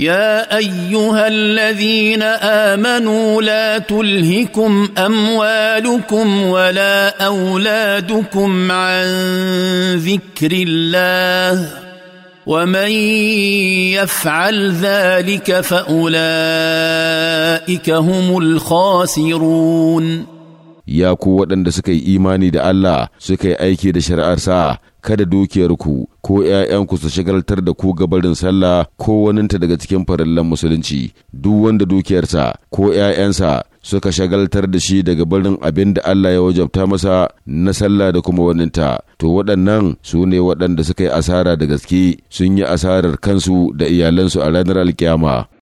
يا ايها الذين امنوا لا تلهكم اموالكم ولا اولادكم عن ذكر الله ومن يفعل ذلك فاولئك هم الخاسرون ya ku waɗanda suka yi imani da Allah suka yi aiki da shari'arsa kada dukiyarku ko ‘ya'yanku su shagaltar da ku gabarin sallah ko waninta daga cikin farillan musulunci duk wanda dukiyarsa ko ‘ya'yansa suka shagaltar da shi daga barin abin da Allah ya wajabta masa na sallah da kuma waninta to waɗannan su ne waɗanda suka yi asara da gaske sun yi asarar kansu da iyalansu a ranar alkiyama.